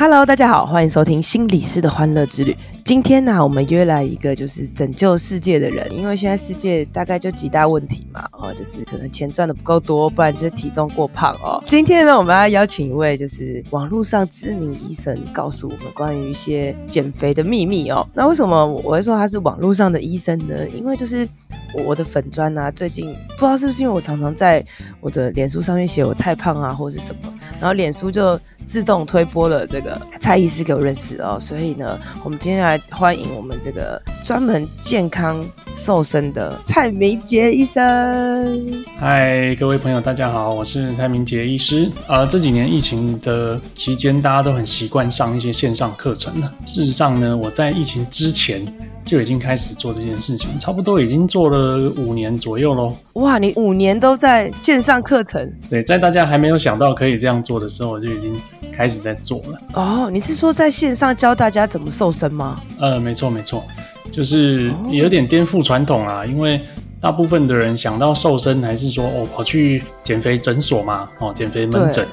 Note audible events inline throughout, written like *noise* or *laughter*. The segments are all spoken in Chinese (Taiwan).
Hello，大家好，歡迎收聽心理師的歡樂之旅。今天呢、啊，我們約來一個就是拯救世界的人，因為現在世界大概就幾大問題嘛，哦，就是可能錢賺得不夠多，不然就是體重過胖哦。今天呢，我們要邀請一位就是網絡上知名醫生，告訴我們關於一些減肥的秘密哦。那為什麼我會說他是網絡上的醫生呢？因為就是。我的粉專啊，最近不知道是不是因為我常常在我的臉書上面寫我太胖啊，或者是什麼，然後臉書就自動推播了這個蔡醫師給我認識哦。所以呢，我們今天來歡迎我們這個專門健康瘦身的蔡明劼醫生。嗨，各位朋友，大家好，我是蔡明劼醫師。呃，這幾年疫情的期間，大家都很習慣上一些線上課程。事實上呢，我在疫情之前。就已經開始做這件事情，差不多已經做了五年左右咯。哇，你五年都在線上課程？對，在大家還沒有想到可以這樣做的時候，就已經開始在做了。哦，你是說在線上教大家怎麼瘦身嗎？呃，沒錯沒錯，就是有點顛覆傳統啊。哦，因為大部分的人想到瘦身還是說哦，跑去減肥診所嘛，哦，減肥門診。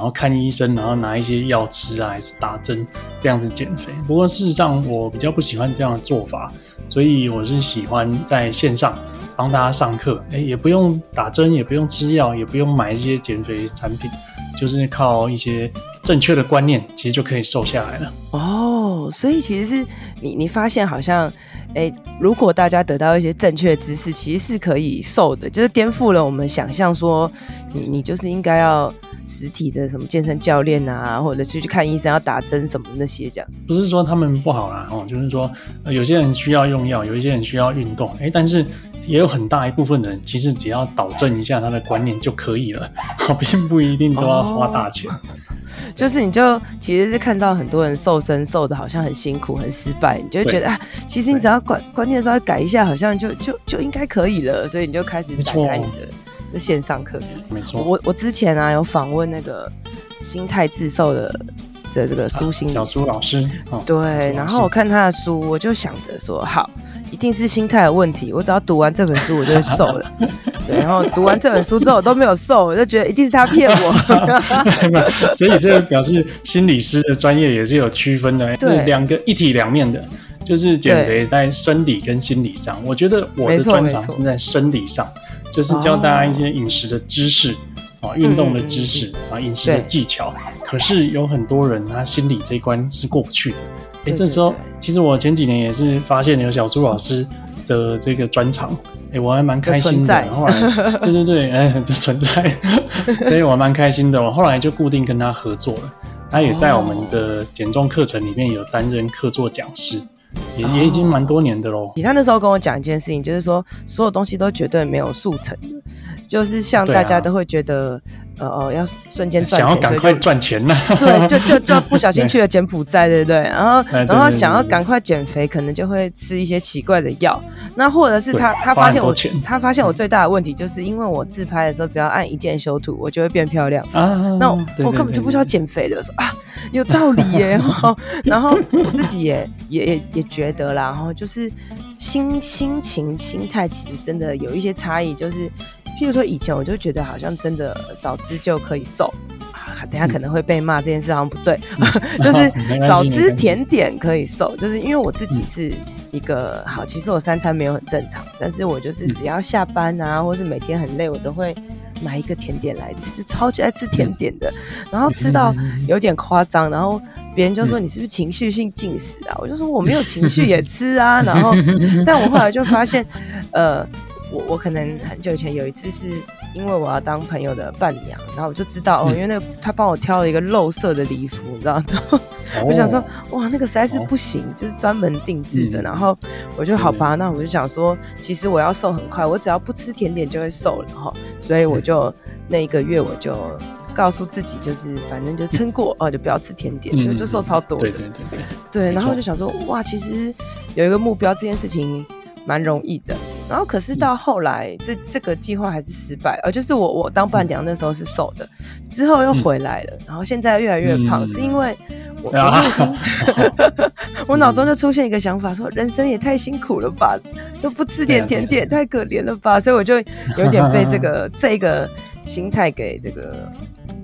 然後看醫生，然後拿一些藥吃啊，還是打針這樣子減肥。不過事實上，我比較不喜歡這樣的做法，所以我是喜歡在線上幫大家上課。哎，也不用打針，也不用吃藥，也不用買一些減肥產品，就是靠一些正確的觀念，其實就可以瘦下來了。哦、oh，所以其實是你你發現好像，哎，如果大家得到一些正確的知識，其實是可以瘦的，就是顛覆了我們想象說，說你你就是應該要。實體的什麼健身教練啊，或者去去看醫生要打針什麼那些，這樣不是說他們不好啦、啊，哦，就是說有些人需要用藥，有一些人需要運動，哎，但是也有很大一部分人其實只要導正一下他的觀念就可以了，我並不一定都要花大錢。哦、就是你就其實是看到很多人瘦身瘦的好像很辛苦很失敗，你就覺得、啊、其實你只要觀觀念稍微改一下，好像就就就應該可以了，所以你就開始打開你的。就線上課程，沒錯。我我之前啊有訪問那個心態致瘦的的這個蘇心理、啊、小蘇老師，哦、對師。然後我看他的書，我就想着說，好，一定是心態的問題。我只要讀完這本書，我就會瘦了。 *laughs* 對。然後讀完這本書之後，我都沒有瘦，我就覺得一定是他騙我。 *laughs* *laughs* 所以這個表示心理師的專業也是有區分的，對，兩個一體兩面的，就是減肥在生理跟心理上。我覺得我的專長是在生理上。就是教大家一些飲食的知識，oh, 啊，運動的知識，啊，飲食的技巧。可是有很多人他心理這一關是過不去的。哎，這時候對對對，其實我前幾年也是發現有小蘇老師的這個專場，誒我還蠻開心的存在。後來，對對對，哎，這存在， *laughs* 所以我還蠻開心的。我後來就固定跟他合作了，他也在我們的減重課程裡面有擔任客座講師。也也已經蠻多年的嘍、啊。他那時候跟我講一件事情，就是說所有東西都絕對沒有速成的，就是像大家都會覺得，呃、啊、呃，要瞬間賺錢，想要趕快賺錢呢、啊、對，就就就不小心去了柬埔寨， *laughs* 對，對不對？然後然後想要趕快減肥，可能就會吃一些奇怪的藥。那或者是他他發現我，他發現我最大的問題就是因為我自拍的時候只要按一鍵修圖，我就會變漂亮啊。那我，對對對對、哦、我根本就不需要減肥了，有時候啊，有道理耶、欸 *laughs* 哦。然後我自己也也 *laughs* 也。也覺得啦，然後就是心心情、心態其實真的有一些差異。就是譬如說，以前我就覺得好像真的少吃就可以瘦、啊、等下可能會被罵、嗯、這件事好像不對。嗯、 *laughs* 就是少吃甜點可以瘦，就是因為我自己是一個、嗯、好，其實我三餐沒有很正常，但是我就是只要下班啊，嗯、或是每天很累，我都會。買一個甜點來吃，就超級愛吃甜點的，嗯、然後吃到有點誇張、嗯，然後別人就說、嗯、你是不是情緒性進食啊、嗯？我就說我沒有情緒也吃啊， *laughs* 然後但我後來就發現， *laughs* 呃。我我可能很久以前有一次是因為我要當朋友的伴娘，然後我就知道哦，因為那個他幫我挑了一個肉色的禮服，你知道嗎？哦、 *laughs* 我就想說哇，那個實在是不行，哦、就是專門定製的、嗯。然後我就好吧對對對，那我就想說，其實我要瘦很快，我只要不吃甜點就會瘦了哈。然後所以我就那一個月我就告訴自己，就是反正就撐過哦、嗯呃，就不要吃甜點，就就瘦超多的。對對，對對對，對。然後我就想說哇，其實有一個目標這件事情蠻容易的。然後，可是到後來，這這個計劃還是失敗。而、呃、就是我，我當伴娘那時候是瘦的，之後又回來了，嗯、然後現在越來越胖，嗯、是因為我心、啊， *laughs* 我腦中就出現一個想法，說人生也太辛苦了吧，就不吃點甜點，對啊對啊對啊太可憐了吧，所以我就有點被這個 *laughs* 這個心態給這個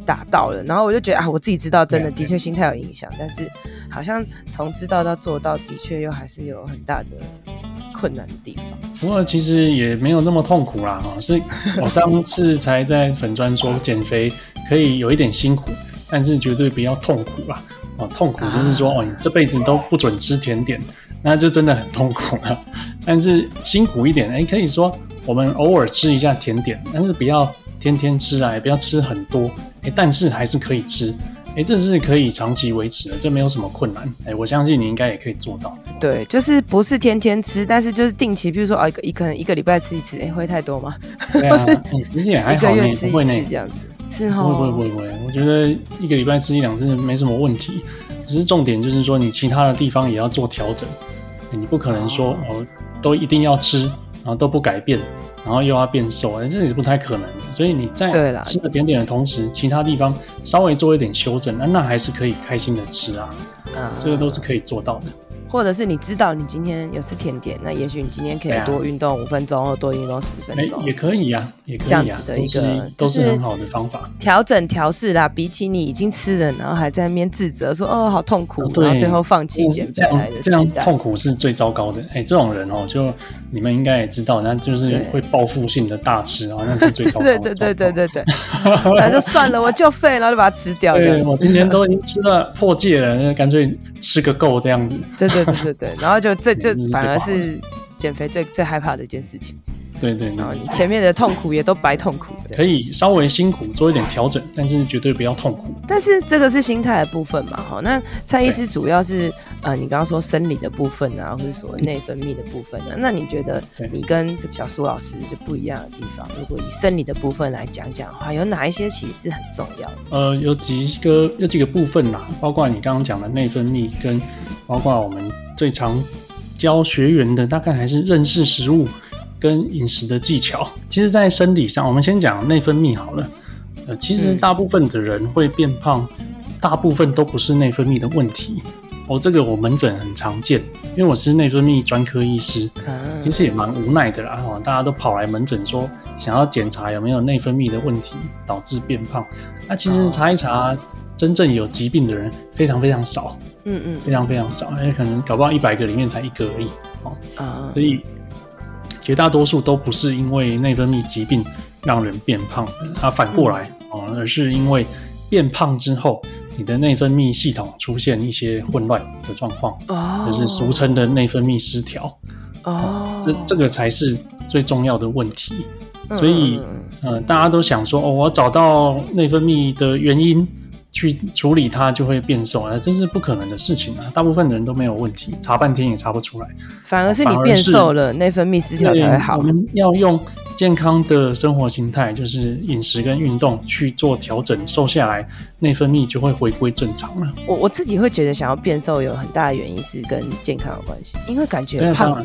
打到了。然後我就覺得啊，我自己知道，真的的確心態有影響，對啊對啊，但是好像從知道到做到，的確又還是有很大的。困難的地方，不過其實也沒有那麼痛苦啦。哈，是我上次才在粉專說減肥可以有一點辛苦，但是絕對不要痛苦啦。痛苦就是說哦，你這輩子都不准吃甜點，那就真的很痛苦了。但是辛苦一點，哎、欸，可以說我們偶爾吃一下甜點，但是不要天天吃啊，也不要吃很多，哎、欸，但是還是可以吃。哎、欸，這是可以長期維持的，這沒有什麼困難。欸、我相信你應該也可以做到。對，就是不是天天吃，但是就是定期，比如說，哦、一個可能一個禮拜吃一次、欸，會太多嗎？對是、啊欸，其實也還好，你不會那樣子。不會是哈、哦，不會，不會不會，我覺得一個禮拜吃一兩次沒什麼問題。只是重點就是說，你其他的地方也要做調整，你不可能說哦都一定要吃，然後都不改變，然後又要變瘦，這也是不太可能的，所以你在吃了甜點的同時，其他地方稍微做一點修正，那那還是可以開心的吃啊。啊，這個都是可以做到的。或者是你知道你今天有吃甜點，那也許你今天可以多運動五分鐘，或多運動十分鐘，欸，也可以呀，啊啊，這樣子的一個都是很好的方法。調、就是、整調試啦，比起你已經吃了，然後還在那邊自責說哦，好痛苦，哦，然後最後放棄減肥，這樣痛苦是最糟糕的。哎，欸，這種人哦，喔，就你們應該也知道，那就是會報復性的大吃啊，喔，那是最糟糕的。對對對對對對，那 *laughs* 就算了，我就廢，然後就把它吃掉。對，我今天都已經吃了破戒了，乾脆吃個夠這樣子。對對。 *laughs* 對對對，然後就這這反而是減肥最最害怕的一件事情。對對，然後你前面的痛苦也都白痛苦。可以稍微辛苦做一點調整，但是絕對不要痛苦。但是這個是心態的部分嘛？好，那蔡醫師主要是呃，你剛剛說生理的部分啊，或者說內分泌的部分啊，那你覺得你跟這個小蘇老師就不一樣的地方？如果以生理的部分來講講的話，有哪一些其實是很重要的？呃，有幾個有幾個部分吶，啊，包括你剛剛講的內分泌，跟包括我們最常教學員的，大概還是認識食物。跟飲食的技巧，其實，在生理上，我們先講內分泌好了。呃，其實大部分的人會變胖，大部分都不是內分泌的問題。哦，這個我門診很常見，因為我是內分泌專科醫師，其實也蠻無奈的啦。哦，大家都跑來門診說想要檢查有沒有內分泌的問題導致變胖，那其實查一查，真正有疾病的人非常非常少。嗯嗯，非常非常少，因為可能搞不到一百個裡面才一個而已。哦啊，所以。絕大多數都不是因為內分泌疾病讓人變胖，它、啊、反過來、呃、而是因為變胖之後，你的內分泌系統出現一些混亂的狀況，就、哦、是俗稱的內分泌失調、哦呃、這這個才是最重要的問題。所以，呃、大家都想說，哦、我找到內分泌的原因。去處理它就會變瘦啊，這是不可能的事情啊！大部分人都沒有問題，查半天也查不出來，反而是你變瘦了，內分泌失調才會好。我們要用。健康的生活形態就是飲食跟運動去做調整，瘦下來，內分泌就會回歸正常了。我我自己會覺得，想要變瘦有很大的原因是跟健康有關係，因為感覺胖、啊、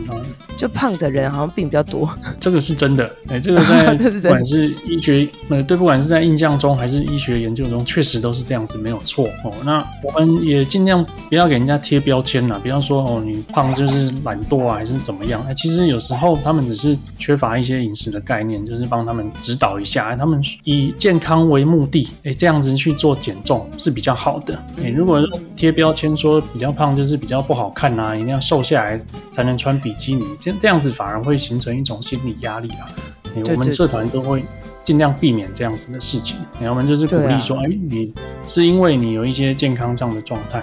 就胖的人好像病比較多。嗯、這個是真的，哎、欸，這個在不管是醫學，啊、呃，對，不管是在印象中還是醫學研究中，確實都是這樣子，沒有錯哦。那我們也盡量不要給人家貼標籤啦，比方說哦，你胖就是懶惰啊，還是怎麼樣？哎、欸，其實有時候他們只是缺乏一些飲食的。概念就是幫他們指導一下，讓他們以健康為目的，哎、欸，這樣子去做減重是比較好的。你、欸、如果貼標籤說比較胖就是比較不好看吶、啊，一定要瘦下來才能穿比基尼，這這樣子反而會形成一種心理壓力了、啊欸。我們社團都會盡量避免這樣子的事情，欸、我們就是鼓勵說，哎、欸，你是因為你有一些健康上的狀態。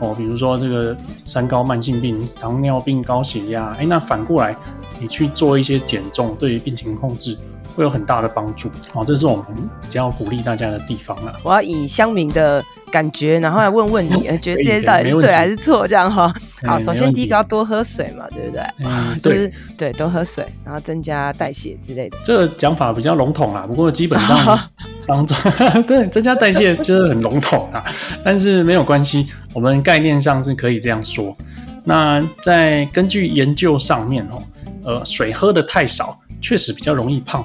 哦，比如說這個三高慢性病，糖尿病、高血壓，哎，那反過來，你去做一些減重，對於病情控制，會有很大的幫助哦，這是我們比較鼓勵大家的地方啊。我要以鄉民的感覺，然後來問問你， *laughs* 覺得這些到底是對還是錯？這樣哈，好，首先第一個要多喝水嘛，對不對？嗯，就是，對，對，多喝水，然後增加代謝之類的。這個講法比較籠統啦，不過基本上當中， *laughs* *laughs* 對，增加代謝就是很籠統啦。但是沒有關係，我們概念上是可以這樣說。那在根據研究上面哦，呃，水喝得太少，確實比較容易胖。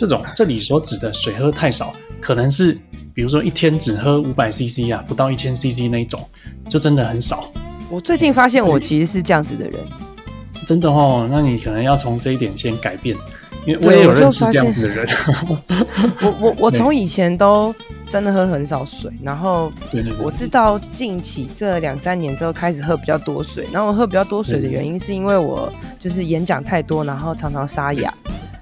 這種，這裡所指的水喝太少，可能是比如說一天只喝五百 CC 啊，不到一千 CC 那一種，就真的很少。我最近發現我其實是這樣子的人。真的哦？那你可能要從這一點先改變，因為我也有認識這樣子的人。我 *laughs* 我我從以前都真的喝很少水，然後我是到近期這兩三年之後開始喝比較多水，然後我喝比較多水的原因是因為我就是演講太多，然後常常沙啞。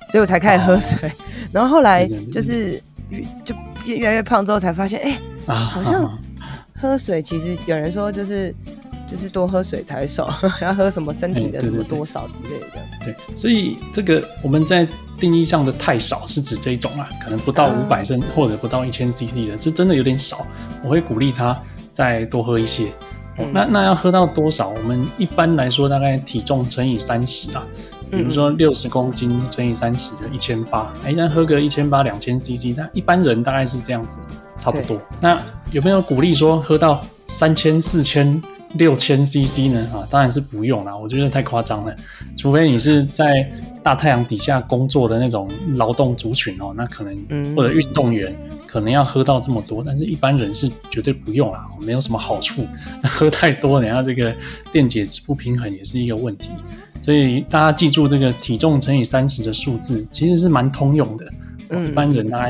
所以我才開始喝水、啊，然後後來就是，是越就越越來越胖，之後才發現，哎、欸啊，好像喝水其實有人說就是就是多喝水才少， *laughs* 要喝什麼身體的什麼多少之類的。對，對，對，對，對，所以這個我們在定義上的太少是指這種啊，可能不到五百升，啊、或者不到一千 cc 的，是真的有點少。我會鼓勵他再多喝一些。嗯、那那要喝到多少？我們一般來說大概體重乘以三十啊。比如說六十公斤乘以三十就一千八，哎，那喝個一千八兩千 cc，那一般人大概是這樣子，差不多。那有沒有鼓勵說喝到三千四千六千 cc 呢？啊，當然是不用啦，我覺得太誇張了，除非你是在、嗯。在大太陽底下工作的那種勞動族群哦，那可能或者運動員可能要喝到這麼多，嗯，但是一般人是絕對不用啦，沒有什麼好處。喝太多，人家這個電解質不平衡也是一個問題。所以大家記住這個體重乘以三十的數字，其實是蠻通用的。嗯，一般人啊，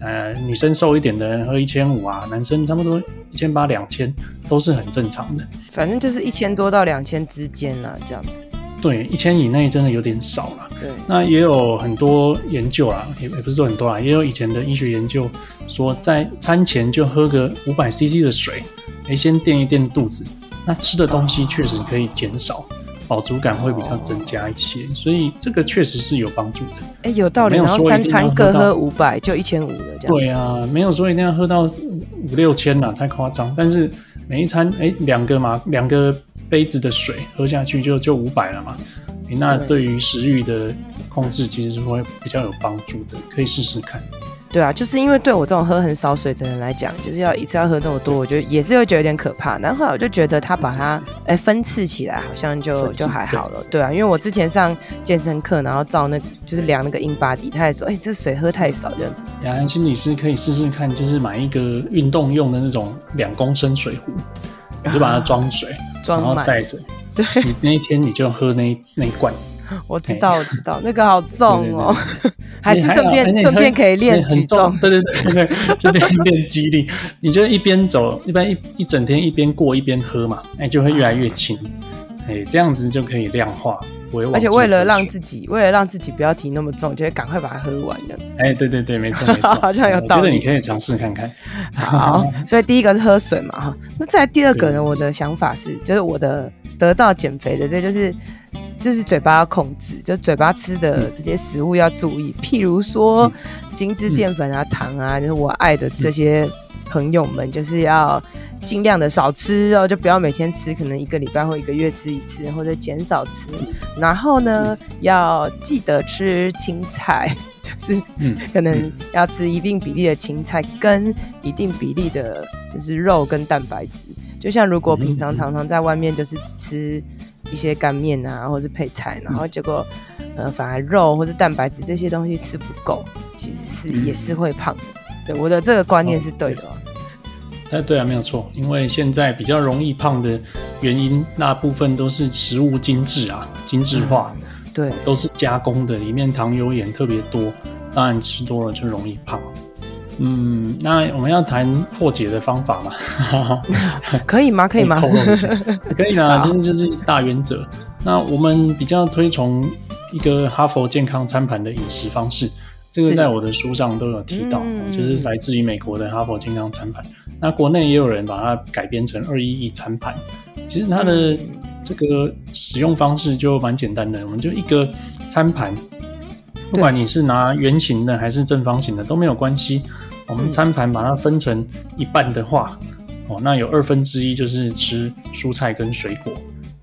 呃，女生瘦一點的喝一千五啊，男生差不多一千八兩千都是很正常的。反正就是一千多到兩千之間啦，這樣子。對，一千以內真的有點少了。對，那也有很多研究啊，也、欸、也不是說很多啊，也有以前的醫學研究說，在餐前就喝個五百 CC 的水，哎、欸，先墊一墊肚子，那吃的東西確實可以減少，飽、哦、足感會比較增加一些，哦、所以這個確實是有幫助的。哎、欸，有道理。然後三餐各喝五百，就一千五了，這樣。對啊，沒有說一定要喝到五六千啦，太誇張。但是每一餐，哎、欸，兩個嘛，兩個。杯子的水喝下去就就五百了嘛。欸、那對於食慾的控制其實是會比較有幫助的，可以試試看。對啊，就是因為對我這種喝很少水的人來講，就是要一次要喝這麼多，我覺得也是會覺得有點可怕。然後後來我就覺得他把它哎、欸、分次起來，好像就就還好了對。對啊，因為我之前上健身課，然後照那個、就是量那個 InBody，他也說哎這水喝太少這樣子。楊、啊、安心理師可以試試看，就是買一個運動用的那種兩公升水壺、啊，你就把它裝水。裝滿帶着，對，你那一天你就喝那那一罐。我知道、欸、我知道，那個好重哦、喔， *laughs* 還是順便順、欸欸、便可以練、欸、很重，對對對對， *laughs* 就練練肌力。你就一邊走，一般一一整天一邊過一邊喝嘛，哎、欸，就會越來越輕，哎、啊，欸、這樣子就可以量化。而且為了讓自己，為了讓自己不要提那麼重，就會趕快把它喝完這樣子。哎、欸，對對對，沒錯，沒錯，好像 *laughs* 有道理。我覺得你可以嘗試看看。好，所以第一個是喝水嘛，哈。 *laughs* 那再第二個呢？我的想法是，就是我的得到減肥的，這就是就是嘴巴控制，就是嘴巴吃的這些食物要注意，嗯、譬如說精致澱粉啊、嗯、糖啊，就是我愛的這些。朋友們就是要盡量的少吃哦，就不要每天吃，可能一個禮拜或一個月吃一次，或者減少吃。嗯、然後呢、嗯，要記得吃青菜，就是嗯，可能要吃一定比例的青菜跟一定比例的，就是肉跟蛋白質。就像如果平常常常在外面就是只吃一些乾麵啊，或者是配菜，然後結果、嗯呃、反而肉或者蛋白質這些東西吃不夠，其實是、嗯、也是會胖的。對，我的這個觀念是對的。哦，對。哎，對啊，沒有錯，因為現在比較容易胖的原因，大部分都是食物精緻啊，精緻化，嗯、對、呃，都是加工的，裡面糖油鹽特別多，當然吃多了就容易胖。嗯，那我們要談破解的方法嘛？ *laughs* 可以嗎？可以嗎？可以，扣扣、呃、可以啊，其 *laughs* 實就是大原則。那我們比較推崇一個哈佛健康餐盤的飲食方式。這個在我的書上都有提到，是嗯、就是來自於美國的哈佛健康餐盤。那國內也有人把它改編成二一一餐盤。其實它的這個使用方式就蠻簡單的、嗯，我們就一個餐盤，不管你是拿圓形的還是正方形的都沒有關係。我們餐盤把它分成一半的話，嗯、哦，那有二分之一就是吃蔬菜跟水果。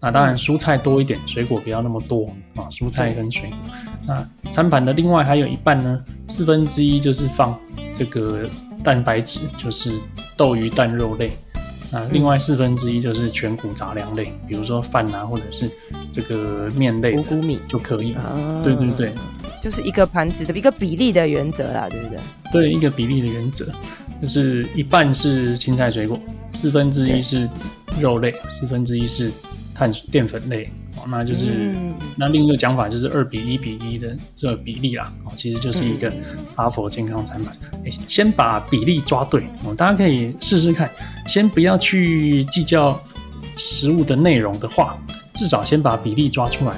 那當然，蔬菜多一點、嗯，水果不要那麼多啊。蔬菜跟水果，那餐盤的另外還有一半呢，四分之一就是放這個蛋白質，就是豆、魚、蛋、肉類。啊，另外四分之一就是全穀雜糧類、嗯，比如說飯啊，或者是這個麵類。五穀米就可以、啊。對對對，就是一個盤子的一個比例的原則啦，對不對？對，一個比例的原則，就是一半是青菜水果，四分之一是肉類，四分之一是。碳澱粉類哦，那就是、嗯、那另一個講法就是二比一比一的這個比例啦哦，其實就是一個哈佛健康餐盤、嗯。先把比例抓對哦，大家可以試試看，先不要去計較食物的內容的話，至少先把比例抓出來，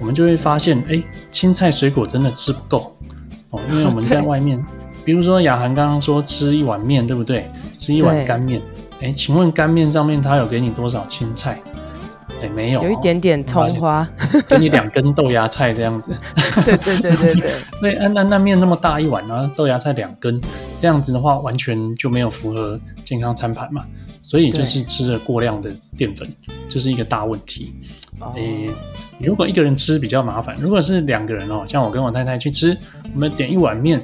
我們就會發現哎、欸，青菜水果真的吃不夠哦，因為我們在外面，比如說雅涵剛剛說吃一碗麵，對不對？吃一碗乾麵，哎、欸，請問乾麵上面他有給你多少青菜？哎、欸，沒有，有一點點蔥花，給你兩根豆芽菜這樣子， *laughs* 對對對對對、對、 *laughs* 對。那那那麵那麼大一碗呢，啊，然後豆芽菜兩根，這樣子的話，完全就沒有符合健康餐盤嘛。所以就是吃了過量的澱粉，就是一個大問題、欸哦。如果一個人吃比較麻煩，如果是兩個人哦，像我跟我太太去吃，我們點一碗麵，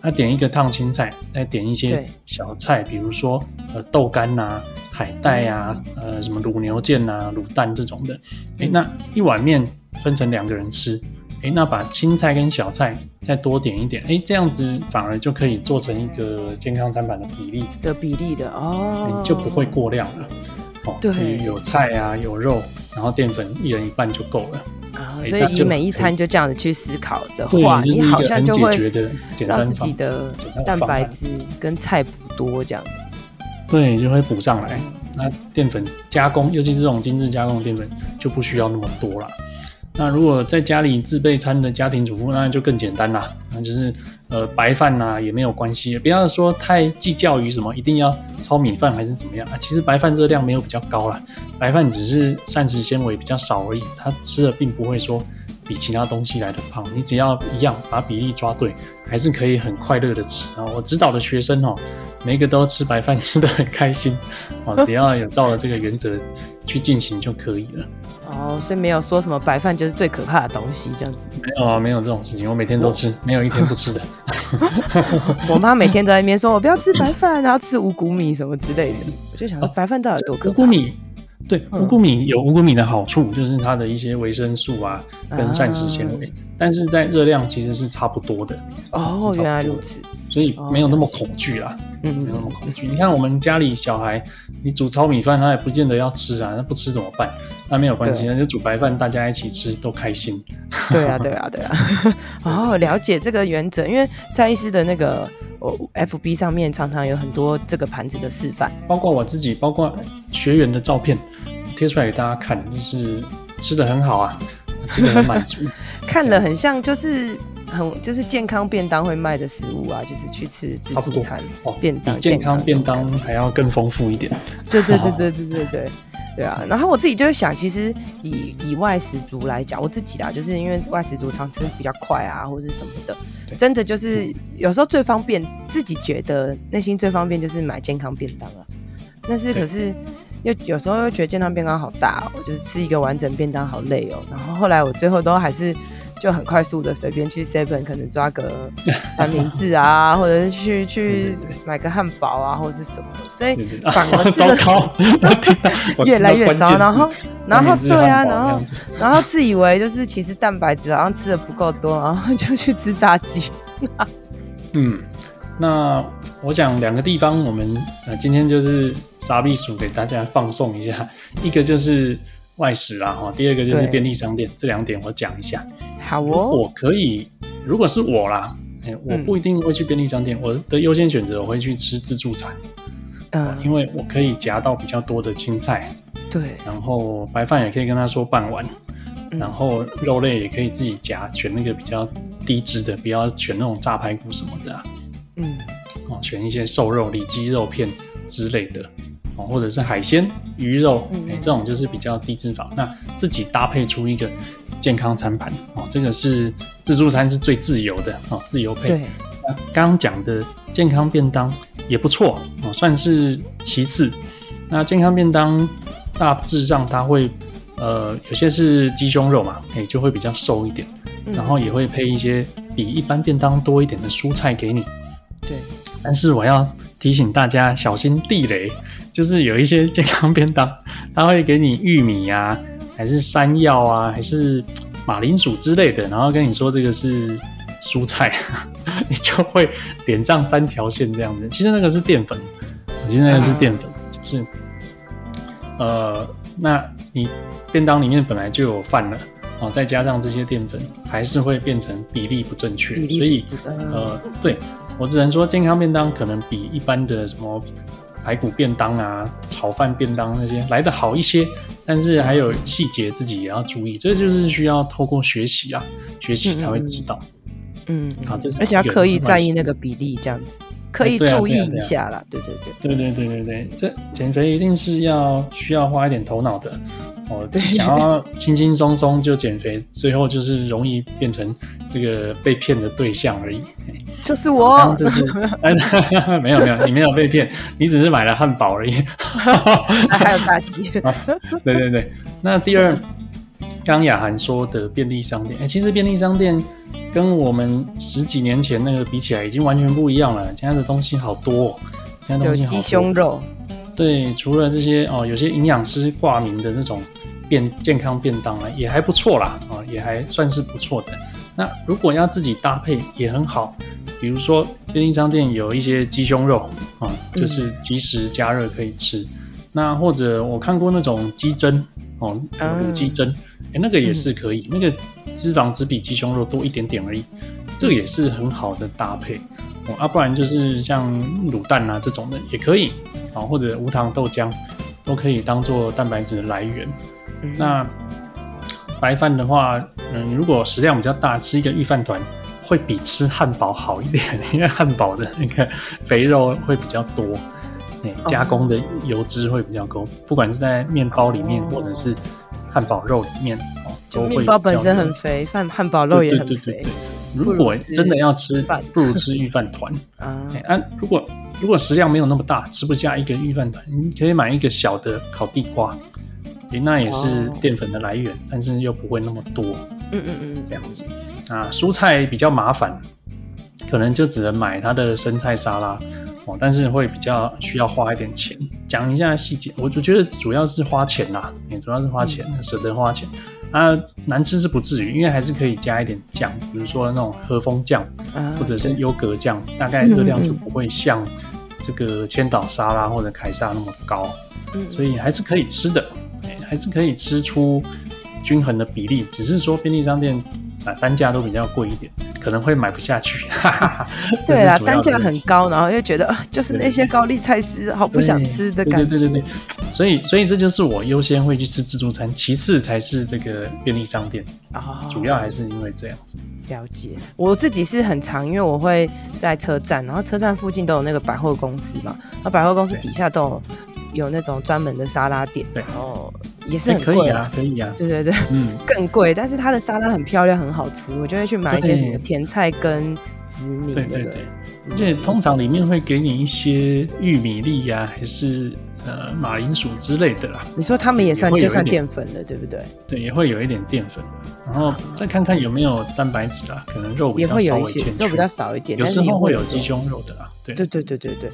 他點一個燙青菜，再點一些小菜，比如說呃豆乾吶、啊。海帶啊、嗯，呃，什麼滷牛腱啊，滷蛋這種的，哎，那一碗麵分成兩個人吃，哎、嗯，那把青菜跟小菜再多點一點，哎，這樣子反而就可以做成一個健康餐盤的，的比例的比例的哦，就不會過量了。哦，對，有菜啊，有肉，然後澱粉一人一半就夠了啊。所以你每一餐就，就這樣子去思考的，啊、話，你好像就會讓自己的蛋白質跟菜不多這樣子。所以就會補上來。那澱粉加工，尤其是這種精致加工的澱粉，就不需要那麼多了。那如果在家裡自備餐的家庭主婦，那就更簡單啦。那就是呃白飯吶、啊、也沒有關係，不要說太計較於什麼一定要糙米飯還是怎麼樣啊。其實白飯熱量沒有比較高啦，白飯只是膳食纖維比較少而已，它吃了並不會說。比其他東西來的胖，你只要一樣把比例抓對，還是可以很快樂的吃啊！然後，我指導的學生哈、喔，每個都吃白飯吃得很開心，啊、喔，只要有照了這個原則去進行就可以了。 *laughs* 哦，所以沒有說什麼白飯就是最可怕的東西這樣子。沒有啊，沒有這種事情，我每天都吃， *laughs* 沒有一天不吃的。 *laughs* *laughs* *laughs* 我媽每天都在一邊說：“我不要吃白飯、嗯，然後吃五穀米什麼之類的。”我就想說，白飯到底有多可怕？五谷、哦、米。對，五穀米有五穀米的好處、嗯，就是它的一些維生素啊，跟膳食纖維、啊，但是在熱量其實是差不多的。哦，原來如此。所以沒有那麼恐懼啦、啊哦，嗯，沒有那麼恐懼。你看我們家裡小孩，你煮糙米飯，他也不見得要吃啊，那不吃怎麼辦？那沒有關係，那就煮白飯，大家一起吃都開心。對啊，對啊，對啊。 *laughs* 哦，了解這個原則，因為在醫師的那個哦 FB 上面，常常有很多這個盤子的示範，包括我自己，包括學員的照片貼出來給大家看，就是吃的很好啊，吃的很滿足 *laughs* ，看了很像就是。很就是健康便當會賣的食物啊，就是去吃自助餐，哦便，啊、便當，健康便當還要更豐富一點。對對對對對對對好好對啊！然後我自己就會想，其實以以外食族來講，我自己啊，就是因為外食族常吃比較快啊，或者是什麼的，真的就是、嗯、有時候最方便，自己覺得內心最方便就是買健康便當了、啊。但是可是又有時候又覺得健康便當好大哦、喔，就是吃一個完整便當好累哦、喔。然後後來我最後都還是。就很快速的，隨便去 seven 可能抓個三明治啊， *laughs* 或者是去去買個漢堡啊，或者是什麼，所以反而、這個、 *laughs* 糟糕， *laughs* 越來越糟 *laughs* 越來越糟。然後，然後對啊，然後然後，然後自以為就是其實蛋白質好像吃的不夠多啊，然後就去吃炸雞。 *laughs* 嗯，那我想兩個地方，我們今天就是殺必死給大家放送一下，一個就是。外食啦，哈。第二個就是便利商店，這兩點我講一下。好哦。我可以，如果是我啦誒，我不一定會去便利商店、嗯，我的優先選擇我會去吃自助餐。嗯，因為我可以夾到比較多的青菜。對。然後白飯也可以跟他說半碗，嗯、然後肉類也可以自己夾，選那個比較低脂的，不要選那種炸排骨什麼的、啊。嗯。哦，選一些瘦肉、里脊肉片之類的。或者是海鮮、魚肉，哎、欸，這種就是比較低脂肪，嗯。那自己搭配出一個健康餐盤哦，這個是自助餐是最自由的哦，自由配。對，那剛剛講的健康便當也不錯哦，算是其次。那健康便當大致上它會，呃，有些是雞胸肉嘛、欸，就會比較瘦一點、嗯，然後也會配一些比一般便當多一點的蔬菜給你。對，但是我要提醒大家小心地雷。就是有一些健康便當，他會給你玉米啊，還是山藥啊，還是馬鈴薯之類的，然後跟你說這個是蔬菜，呵呵，你就會點上三條線這樣子。其實那個是澱粉，其實那個是澱粉，就是呃，那你便當裡面本來就有飯了，哦，再加上這些澱粉，還是會變成比例不正確。正確所以呃，對，我只能說健康便當可能比一般的什麼。排骨便當啊，炒飯便當那些來得好一些，但是還有細節自己也要注意，這就是需要透過學習啊，學習才會知道。嗯，好、嗯，這、啊、是而且要刻意在意那個比例這樣子。嗯嗯嗯嗯可以注意一下啦，對啊對啊對、啊，對、啊、對對對對對，對，對對這減肥一定是要需要花一點頭腦的，哦對，想要輕輕鬆鬆就減肥，最後就是容易變成這個被騙的對象而已。就是我，就是、 *laughs* 哎、沒有沒有你沒有被騙，你只是買了漢堡而已 *laughs* 、啊。還有垃圾、啊，對對對，那第二。剛雅涵說的便利商店誒，其實便利商店跟我們十幾年前那個比起來，已經完全不一樣了。現在的東西好多、哦，現在東西好多。有雞胸肉，對，除了這些哦，有些營養師掛名的那種便健康便當啊，也還不錯啦，啊、哦，也還算是不錯的。那如果要自己搭配也很好，比如說便利商店有一些雞胸肉啊、哦，就是即時加熱可以吃。嗯那或者我看過那種雞胗哦，滷雞胗，嗯，那個也是可以，嗯、那個脂肪只比雞胸肉多一點點而已，這個也是很好的搭配。哦，啊，不然就是像滷蛋啊這種的也可以啊，哦，或者無糖豆漿都可以當做蛋白質的來源，嗯。那白飯的話，嗯，如果食量比較大，吃一個御飯糰會比吃漢堡好一點，因為漢堡的那個肥肉會比較多。加工的油脂會比較高，oh. 不管是在麵包裡面，oh. 或者是漢堡肉裡面、oh. 哦，都會比較油。麵包本身很肥，漢漢堡肉也很肥。對對對對，如，如果真的要吃，飯不如吃御飯糰啊。如果如果食量沒有那麼大，吃不下一個御飯糰，你可以買一個小的烤地瓜，oh. 欸、那也是澱粉的來源，但是又不會那麼多。Oh. 嗯嗯嗯，這樣子啊，蔬菜比較麻煩，可能就只能買它的生菜沙拉。但是會比較需要花一點錢，講一下細節。我就覺得主要是花錢啦、啊，主要是花錢，舍得花錢。嗯嗯啊，難吃是不至於，因為還是可以加一點醬，比如說那種和風醬，或者是優格醬，啊 okay. 大概熱量就不會像這個千島沙拉或者凱撒那麼高，嗯嗯，所以還是可以吃的，還是可以吃出均衡的比例，只是說便利商店。啊，單價都比較貴一點，可能會買不下去。哈哈，對啊，單價很高，然後又覺得、啊、就是那些高麗菜絲，好不想吃的感覺。覺對對對，對，對對對，所以所以這就是我優先會去吃自助餐，其次才是這個便利商店。啊、哦，主要還是因為這樣子。了解，我自己是很常，因為我會在車站，然後車站附近都有那個百貨公司嘛，那百貨公司底下都有有那種專門的沙拉店，然後。也是很貴啊,、欸、啊，可以啊，對對對，嗯，更貴，但是它的沙拉很漂亮，很好吃，我就會去買一些什麼甜菜跟紫米對、這個、對對,對、嗯，而且通常裡面會給你一些玉米粒呀、啊，還是呃馬鈴薯之類的啦。你說他們也算也也點就算澱粉的，對不對？對，也會有一點澱粉，然後再看看有沒有蛋白質啦，可能肉比較也會有一些，肉比較少一點，有時候會有雞胸肉的啦。對對對對對，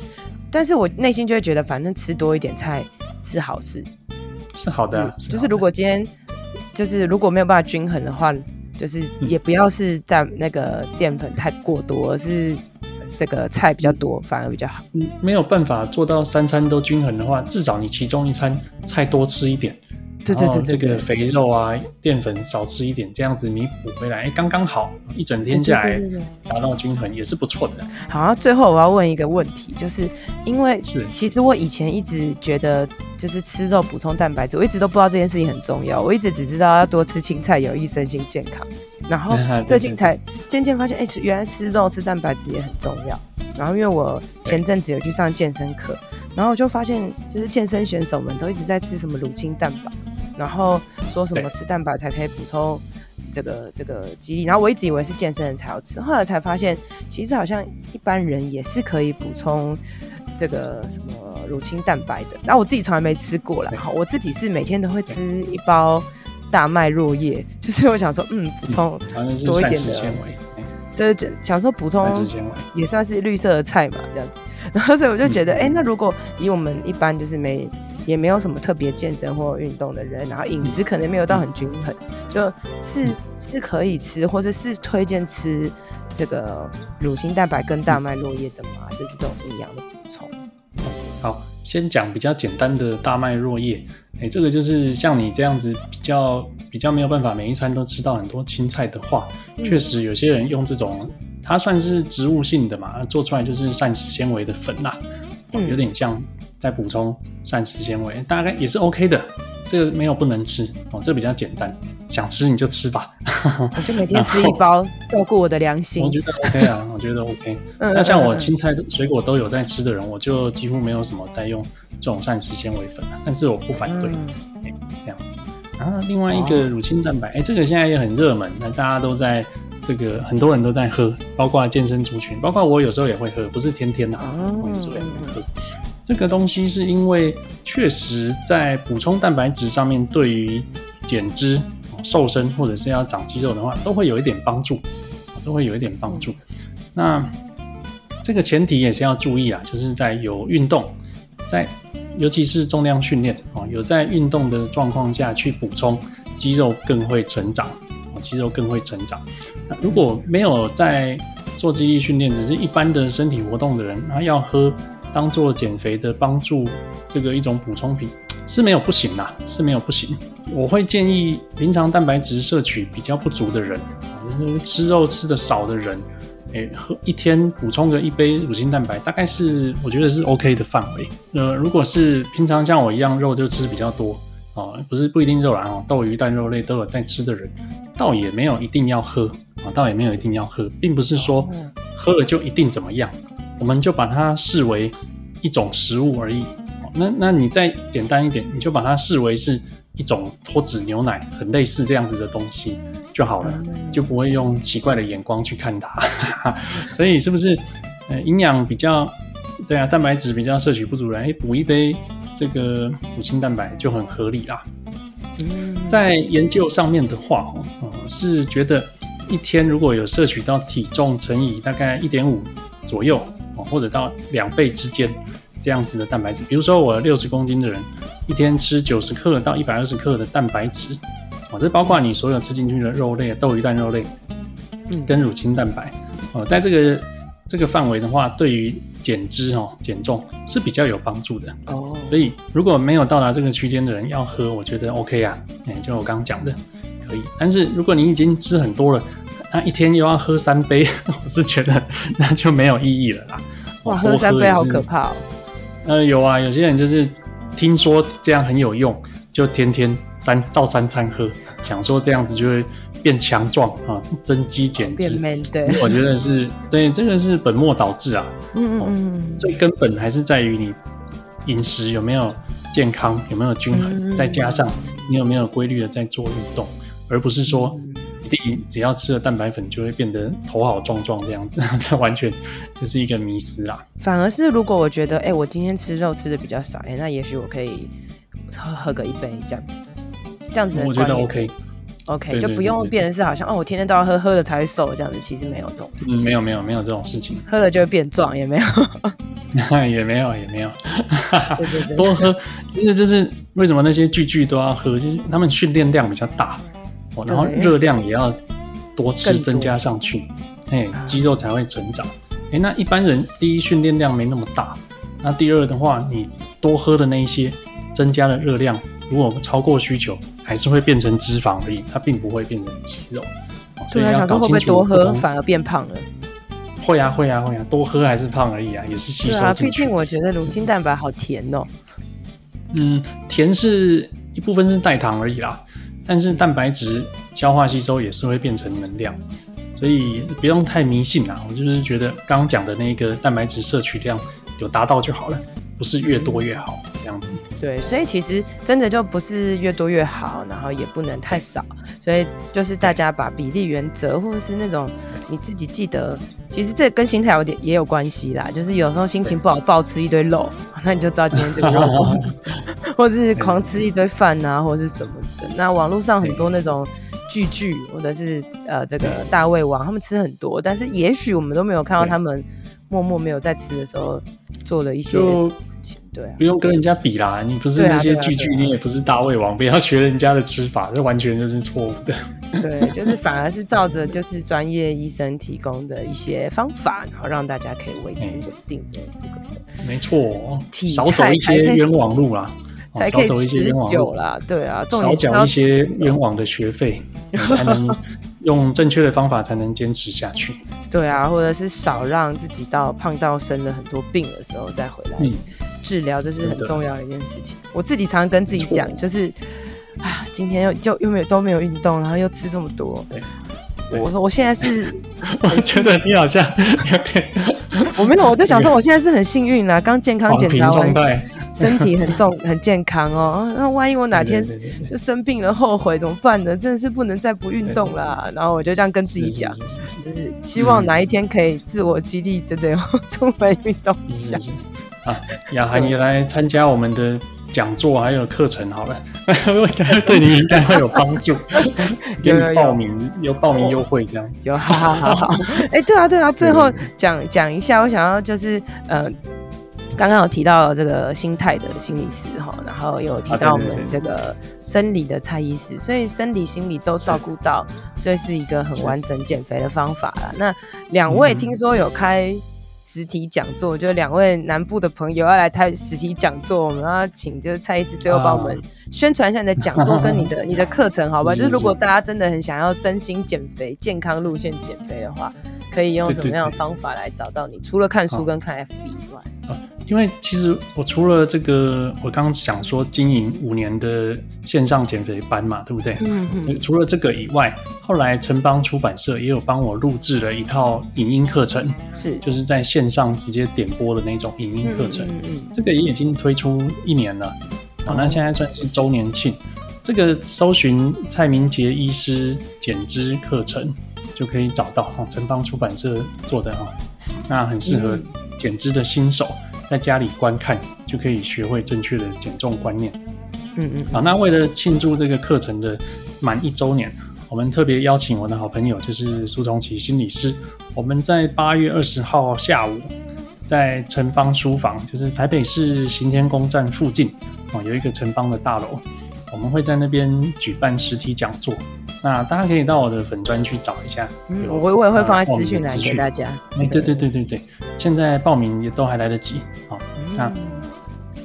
但是我內心就會覺得，反正吃多一點菜是好事。是好的，啊是，就是如果今天就是如果沒有辦法均衡的話，就是也不要是在、嗯、那個澱粉太過多，而是這個菜比較多反而比較好，嗯。沒有辦法做到三餐都均衡的話，至少你其中一餐菜多吃一點。然後這個肥肉啊、澱粉少吃一點，這樣子彌補回來，欸、剛剛好，一整天下來達到均衡也是不錯的。好、啊，最後我要問一個問題，就是因為其實我以前一直覺得就是吃肉補充蛋白質，我一直都不知道這件事情很重要，我一直只知道要多吃青菜有益身心健康。然後最近才漸漸發現，哎、欸，原來吃肉吃蛋白質也很重要。然後因為我前陣子有去上健身課，然後我就發現就是健身選手們都一直在吃什麼乳清蛋白。然後說什麼吃蛋白才可以補充這個這個肌力，然後我一直以為是健身人才要吃，後來才發現其實好像一般人也是可以補充這個什麼乳清蛋白的。然後我自己從來沒吃過啦，然後我自己是每天都會吃一包大麥若葉，就是我想說，嗯，補充多一點的、嗯、常常膳食纖維。就是想說補充也算是綠色的菜嘛，這樣子。然後所以我就覺得，哎、嗯欸，那如果以我們一般就是沒也沒有什麼特別健身或運動的人，然後飲食可能沒有到很均衡，嗯、就是、嗯、是可以吃或者是，是推薦吃這個乳清蛋白跟大麥若葉的嗎？就是這種營養的補充。好。先講比較簡單的大麥若葉，哎、欸，這個就是像你這樣子比較比較沒有辦法每一餐都吃到很多青菜的話，嗯、確實有些人用這種，它算是植物性的嘛，做出來就是膳食纖維的粉啦，有點像、嗯、在補充膳食纖維，大概也是 OK 的。這個沒有不能吃哦，這個、比較簡單，想吃你就吃吧。 *laughs* 我就每天吃一包，照 *laughs* 顧我的良心。我覺得 OK 啊， *laughs* 我覺得 OK。那 *laughs* 像我青菜、水果都有在吃的人，我就幾乎沒有什麼在用這種膳食纖維粉了、啊。但是我不反對、嗯欸、這樣子。然後另外一個乳清蛋白，哎、哦欸，這個現在也很熱門，那大家都在這個，很多人都在喝，包括健身族群，包括我有時候也會喝，不是天天的、啊，我也做喝。這個東西是因為確實在補充蛋白質上面，對於減脂、瘦身或者是要長肌肉的話，都會有一點幫助，都會有一點幫助。那這個前提也是要注意啊，就是在有運動，在尤其是重量訓練啊，有在運動的狀況下去補充肌肉更會成長，肌肉更會成長。那如果沒有在做肌力訓練，只是一般的身體活動的人，他要喝。當做減肥的幫助，這個一種補充品是沒有不行的，是沒有不行。我會建議平常蛋白質攝取比較不足的人，就是吃肉吃得少的人，喝一天補充個一杯乳清蛋白，大概是我覺得是 OK 的範圍。呃，如果是平常像我一樣肉就吃比較多，不是不一定肉哦，豆魚蛋肉類都有在吃的人，倒也沒有一定要喝啊，倒也沒有一定要喝，並不是說喝了就一定怎麼樣。我們就把它視為一種食物而已。那那你再簡單一點，你就把它視為是一種脫脂牛奶，很類似這樣子的東西就好了，就不會用奇怪的眼光去看它。 *laughs* 所以是不是呃營養比較對啊？蛋白質比較攝取不足了，哎，補一杯這個乳清蛋白就很合理啦。在研究上面的話，哦、呃、是覺得一天如果有攝取到體重乘以大概一點五左右，或者到兩倍之間，這樣子的蛋白質。比如說我六十公斤的人，一天吃九十克到一百二十克的蛋白質，哦，這包括你所有吃進去的肉類、豆魚蛋肉類，跟乳清蛋白，哦，在這個這個範圍的話，對於減脂哦、減重是比較有幫助的。哦，所以如果沒有到達這個區間的人要喝，我覺得 OK 啊，哎，就我剛剛講的可以。但是如果你已經吃很多了，那一天又要喝三杯，我是覺得那就沒有意義了啦。哇，喝三杯好可怕哦！呃、有啊，有些人就是聽說這樣很有用，就天天三照三餐喝，想說這樣子就會變強壯啊，增肌減脂變。對，我覺得是對這個是本末倒置啊。嗯所嗯，嗯，最、哦、根本還是在於你飲食有沒有健康，有沒有均衡，嗯嗯嗯再加上你有沒有規律的在做運動，而不是說嗯嗯。第一只要吃了蛋白粉就會變得頭好壯壯這樣子，這完全就是一個迷思啦。反而是如果我覺得，哎、欸，我今天吃肉吃的比較少，哎、欸，那也許我可以喝喝個一杯這樣子，這樣子我覺得 OK OK，對對對對，就不用變成是好像哦，我天天都要喝，喝了才會瘦這樣子，其實沒有這種事情，沒有沒有沒有這種事情，喝了就會變壯也沒有， *laughs* 也沒有，也沒有也沒有，多 *laughs* 喝就是就是為什麼那些巨巨都要喝，就是他們訓練量比較大。然後熱量也要多吃增加上去，哎，肌肉才會成長。哎、啊，那一般人第一訓練量沒那麼大，那第二的話，你多喝的那一些增加的熱量，如果超過需求，還是會變成脂肪而已，它並不會變成肌肉。對啊、所以要搞清楚，會不會多喝反而變胖了？會啊，會啊，會啊，多喝還是胖而已啊，也是吸收進去、啊、畢竟我覺得乳清蛋白好甜哦。嗯，甜是一部分是代糖而已啦。但是蛋白質消化吸收也是會變成能量，所以不用太迷信啦。我就是覺得剛講的那個蛋白質攝取量有達到就好了。不是越多越好，這樣子。對，所以其實真的就不是越多越好，然後也不能太少，所以就是大家把比例原則，或者是那種你自己記得，其實這跟心態有點也有關係啦。就是有時候心情不好，暴吃一堆肉，那你就知道今天這個。 *laughs* *laughs* *laughs* 或者是狂吃一堆飯啊，或者是什麼的。那網絡上很多那種。巨巨，或者是呃這個大胃王、呃，他們吃很多，但是也許我們都沒有看到他們默默沒有在吃的時候做了一些什麼事情。對，不用跟人家比啦，你不是那些巨巨，你也不是大胃王，對啊對啊，對啊，對啊不要學人家的吃法，這完全就是錯誤的。對，就是反而是照着就是專業醫生提供的一些方法， *laughs* 然後讓大家可以維持穩定的這個、嗯，沒錯，少走一些冤枉路啦。少走一些冤枉路，才可以持久啦。了，對啊，少繳一些冤枉的學費， *laughs* 才能用正確的方法，才能堅持下去。對啊，或者是少讓自己到胖到生了很多病的時候再回來治療，嗯，這是很重要的一件事情。我自己常跟自己講，就是啊，今天又又又沒有都沒有運動，然後又吃這麼多。對，對我說我現在是， *laughs* 我覺得你好像，有點 *laughs* 我沒有，我在想說我現在是很幸運啦，剛健康檢查完。身體很重， *laughs* 很健康哦。那萬一我哪天就生病了，後悔怎麼辦呢？真的是不能再不運動了、啊。然後我就這樣跟自己講，就是希望哪一天可以自我激勵，真的要出門運動一下，是是是。啊，雅涵也來參加我們的講座還有課程好了， *laughs* 對你應該會有幫助，給你報名有報名優惠這樣。就好好好好。哎、欸，對啊對啊，對啊對對對對，最後講講一下，我想要就是呃。剛剛有提到這個心態的心理師哈，然後也有提到我們這個生理的蔡醫師，所以生理心理都照顧到，所以是一個很完整減肥的方法了。那兩位聽說有開實體講座，就兩位南部的朋友要來開實體講座，我們要請就是蔡醫師最後幫我們宣傳一下你的講座跟你的、嗯、你的課程好好，好吧？就是如果大家真的很想要真心減肥、健康路線減肥的話，可以用什麼樣的方法來找到你？對對對，除了看書跟看 FB 以外。啊，因為其實我除了這個，我剛剛想說經營五年的線上減肥班嘛，對不對？嗯嗯。除了這個以外，後來城邦出版社也有幫我錄製了一套影音課程，是，就是在線上直接點播的那種影音課程，嗯嗯、這個也已經推出一年了，嗯。好，那現在算是周年慶，嗯，這個搜尋蔡明劼醫師減脂課程就可以找到哦，城邦出版社做的哈，那很適合。嗯減脂的新手在家裡觀看就可以學會正確的減重觀念。嗯，嗯嗯，好，那為了慶祝這個課程的滿一周年，我們特別邀請我的好朋友，就是蘇崇啟心理師。我們在八月二十號下午，在城邦書房，就是台北市行天宮站附近啊，有一個城邦的大樓，我們會在那邊舉辦實體講座。那大家可以到我的粉專去找一下，嗯、我我也會放在資訊欄給大家。哎，對對對對對，現在報名也都還來得及啊、嗯。那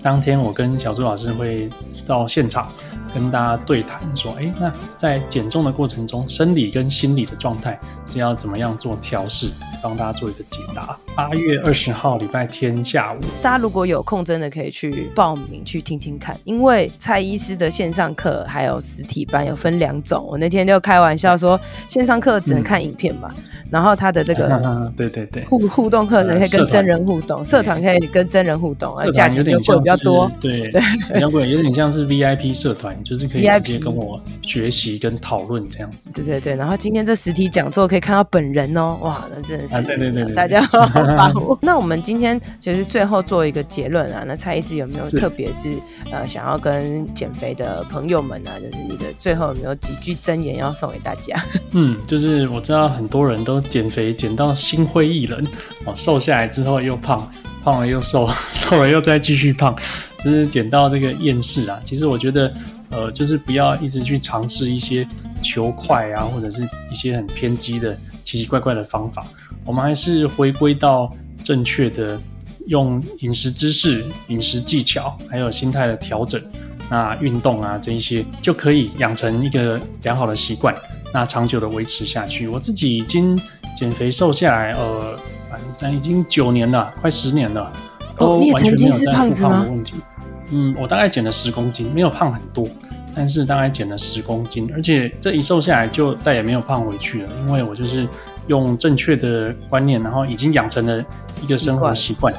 當天我跟小朱老師會到現場跟大家對談，說，哎、欸，那在減重的過程中，生理跟心理的狀態是要怎麼樣做調適？幫大家做一個解答。八月二十號禮拜天下午，大家如果有空，真的可以去報名去聽聽看。因為蔡醫師的線上課還有實體班有分兩種。我那天就開玩笑說，線上課只能看影片嘛、嗯。然後他的這個，啊、對對對，互互動課程可以跟真人互動，社團可以跟真人互動，啊、價錢就貴比較多。是對，有點有點像是 VIP 社團，就是可以直接跟我學習跟討論這樣子、VIP。對對對，然後今天這實體講座可以看到本人哦，哇，那真的是。啊、對，對對對，大家好 *laughs* 那我們今天其實最後做一個結論啊，那蔡醫師有沒有特別是，是呃想要跟減肥的朋友們呢、啊？就是你的最後有沒有幾句真言要送給大家？嗯，就是我知道很多人都減肥減到心灰意冷哦，瘦下來之後又胖，胖了又瘦，瘦了又再繼續胖，只、就是減到這個厭世啊。其實我覺得呃，就是不要一直去嘗試一些求快啊，或者是一些很偏激的。奇奇怪怪的方法，我們還是回歸到正確的用飲食知識、飲食技巧，還有心態的調整。那運動啊，這一些就可以養成一個良好的習慣，那長久的維持下去。我自己已經減肥瘦下來，呃，反正已經九年了，快十年了，都完全沒有再復胖的問題、哦，你有曾經是胖子嗎？。嗯，我大概減了十公斤，沒有胖很多。但是大概減了十公斤，而且這一瘦下來就再也沒有胖回去了，因為我就是用正確的觀念，然後已經養成了一個生活習慣。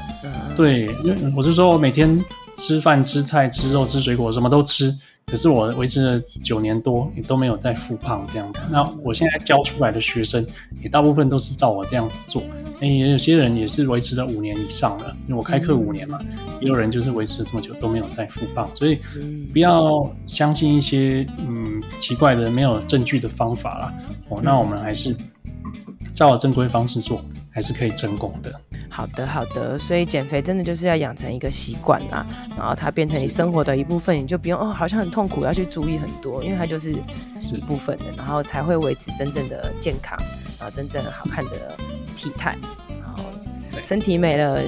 對，我是說，我每天吃飯、吃菜、吃肉、吃水果，什麼都吃。可是我維持了九年多，也都沒有再復胖這樣子。那我現在教出來的學生，也大部分都是照我這樣子做。那、欸、有些人也是維持了五年以上了，因為我開課五年嘛，嗯、也有人就是維持了這麼久都沒有再復胖。所以不要相信一些，嗯，奇怪的，沒有證據的方法啦。哦，那我們還是。照的正規方式做，還是可以成功的。好的，好的，所以減肥真的就是要養成一個習慣啦，然後它變成你生活的一部分，你就不用哦，好像很痛苦，要去注意很多，因為它就是一部分的，是的，然後才會維持真正的健康，然後真正的好看的體態。身體美了，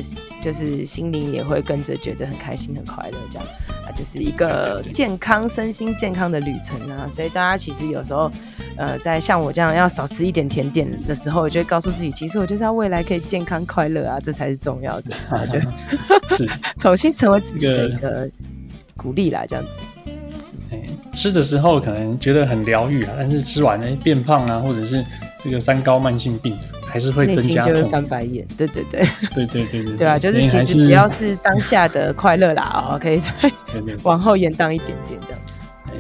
就是心靈也會跟着覺得很開心、很快樂，這樣啊，就是一個健康對對對對、身心健康的旅程啊。所以大家其實有時候，呃，在像我這樣要少吃一點甜點的時候，我就會告訴自己，其實我就是要未來可以健康快樂啊，這才是重要的啊。就，是 *laughs* 重新成為自己的一個鼓勵啦、這個，這樣子、欸。吃的時候可能覺得很療癒、啊，但是吃完了、欸、變胖啊，或者是這個三高、慢性病。還是會增加，就是翻白眼，對對對， *laughs* 對，對對對對， *laughs* 對、啊、就是其實只要是當下的快樂啦、 *laughs* 哦、可以再往後延宕一點點這樣子。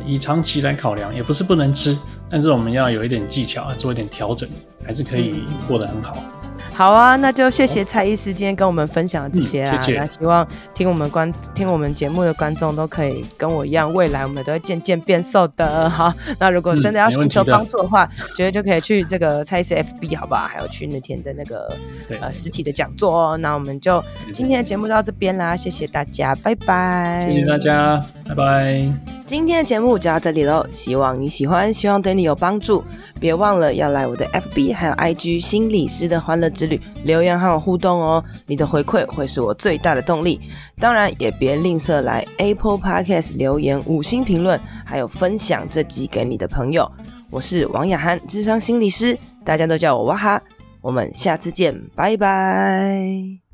以長期來考量，也不是不能吃，但是我們要有一點技巧啊，做一點調整，還是可以過得很好。嗯好啊，那就謝謝蔡醫師今天跟我們分享的這些啊、嗯。那希望聽我們觀、聽我們節目的觀眾都可以跟我一樣，未來我們都會漸漸變瘦的。好，那如果真的要尋求幫助的話、嗯，的，覺得就可以去這個蔡醫師 FB，好吧？ *laughs* 還有去那天的那個，對對對對，呃，實體的講座哦。那我們就今天的節目就到這邊啦，謝謝大家，拜拜。謝謝大家，拜拜。今天的節目就到這裡嘍，希望你喜歡，希望對你有幫助。別忘了要來我的 F B 還有 I G 心理師的歡樂之旅。留言和我互動哦，你的回饋會是我最大的動力。當然也別吝嗇來 Apple Podcast 留言、五星評論，還有分享這集給你的朋友。我是王雅涵，諮商心理師，大家都叫我哇哈。我們下次見，拜拜。